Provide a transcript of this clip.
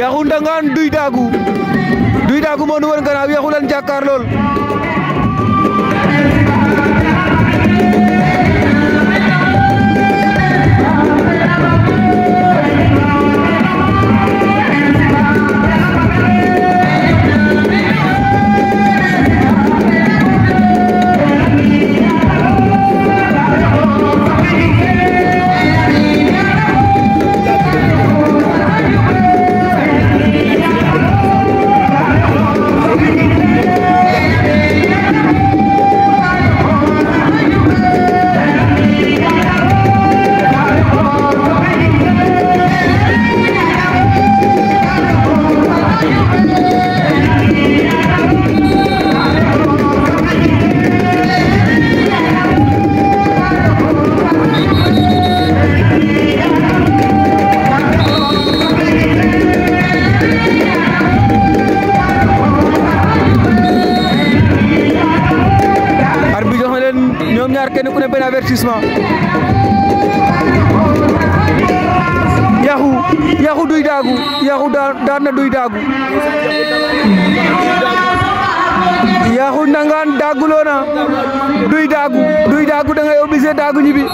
Yaxu Ndangaan Duy Daagu Duy Daagu moo nu woon gannaaw Yaxu lan ñoom ñaar kenn ku ne benn avertissement yaxu yaxu duy daagu yaxu daan na duy daagu yaxu nangaan daaguloona duy daagu duy daagu da ngay daagu ñibi